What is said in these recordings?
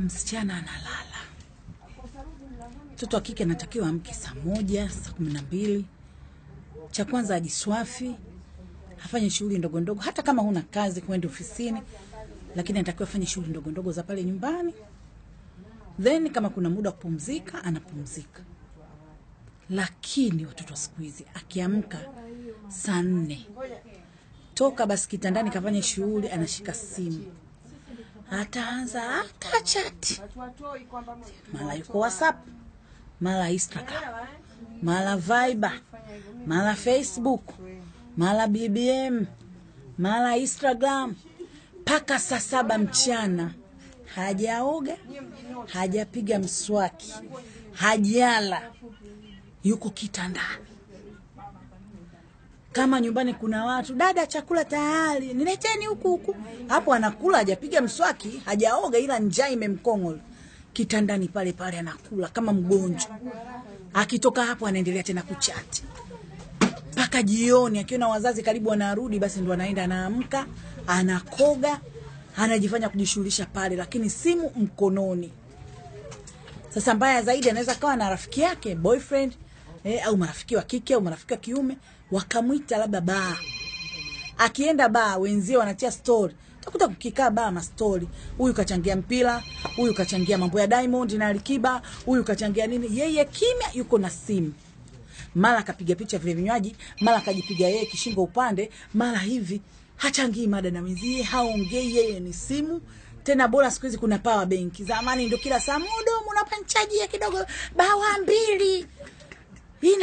msichana analala. Mtoto wa kike anatakiwa amke saa moja, saa kumi na mbili. Cha kwanza ajiswafi, afanye shughuli ndogo ndogo, hata kama huna kazi kwenda ofisini, lakini anatakiwa afanye shughuli ndogo ndogo za pale nyumbani. Then kama kuna muda wa kupumzika, anapumzika. Lakini watoto wa siku hizi akiamka saa nne, toka basi kitandani, kafanye shughuli, anashika simu ataanza hata chati, mara yuko WhatsApp, mara Instagram, mara Viber, mara Facebook, mara BBM, mara Instagram mpaka saa saba mchana hajaoga, hajapiga mswaki, hajala, yuko kitandani kama nyumbani kuna watu, dada, chakula tayari, nileteni huku huku. Hapo anakula, hajapiga mswaki, hajaoga, ila njaa imemkongola. Kitandani pale pale anakula kama mgonjwa. Akitoka hapo anaendelea tena kuchati mpaka jioni. Akiona wazazi karibu wanarudi, basi ndo anaenda anaamka, anakoga, anajifanya kujishughulisha pale, lakini simu mkononi. Sasa mbaya zaidi, anaweza kawa na rafiki yake boyfriend eh, au marafiki wa kike au marafiki wa kiume wakamwita labda baa. Akienda baa, wenzie wanatia story, utakuta kukikaa baa mastori, huyu kachangia mpira, huyu kachangia mambo ya Diamond na Alikiba, huyu kachangia nini, yeye kimya, yuko na simu mara akapiga picha vile vinywaji, mara akajipiga yeye kishingo upande, mara hivi, hachangii mada na wenzie, haongei, yeye ni simu tena bora siku hizi kuna power bank. Zamani ndio kila saa mudo unapanchaji kidogo bawa mbili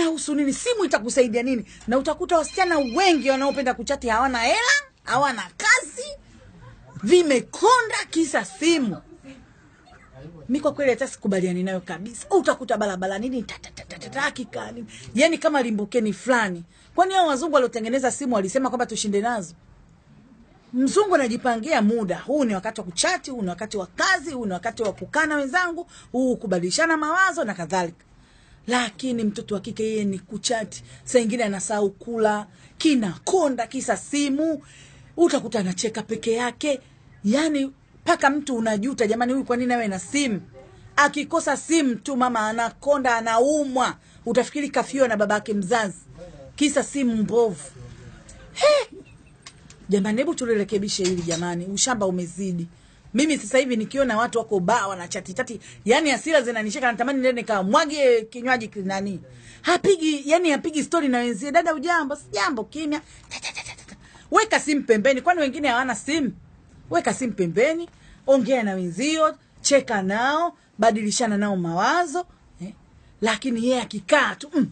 inahusu nini? Simu itakusaidia nini? Na utakuta wasichana wengi wanaopenda kuchati hawana hela, hawana kazi, vimekonda kisa simu. Mi kwa kweli hata sikubaliani nayo kabisa. Utakuta barabara nini tatatatata, yani kama limbukeni fulani. Kwani hao wazungu waliotengeneza simu walisema kwamba tushinde nazo? Mzungu anajipangia muda huu, ni wakati wa kuchati, huu ni wakati wa kazi, huu ni wakati wa kukana wenzangu, huu kubadilishana mawazo na kadhalika lakini mtoto wa kike yeye ni kuchati, saa ingine anasahau kula, kinakonda kisa simu, utakuta anacheka peke yake, yani mpaka mtu unajuta, jamani, huyu kwa nini awe na simu? Akikosa simu tu mama anakonda, anaumwa, utafikiri kafiwa na babake mzazi, kisa simu mbovu. He! Jamani, hebu tulirekebishe hili jamani, ushamba umezidi. Mimi sasa hivi nikiona watu wako baa wana chati chati, yani hasira zinanishika, natamani nende nikamwage kinywaji kinani. Hapigi yani hapigi story na wenzie, dada ujambo, si jambo, kimya. Weka simu pembeni, kwani wengine hawana simu? Weka simu pembeni, ongea na wenzio, cheka nao, badilishana nao mawazo eh. Lakini yeye akikaa tu mm,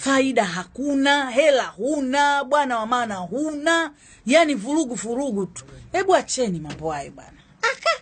faida hakuna, hela huna, bwana wa maana huna, yani vurugu furugu tu. Hebu acheni mambo hayo bwana. Aka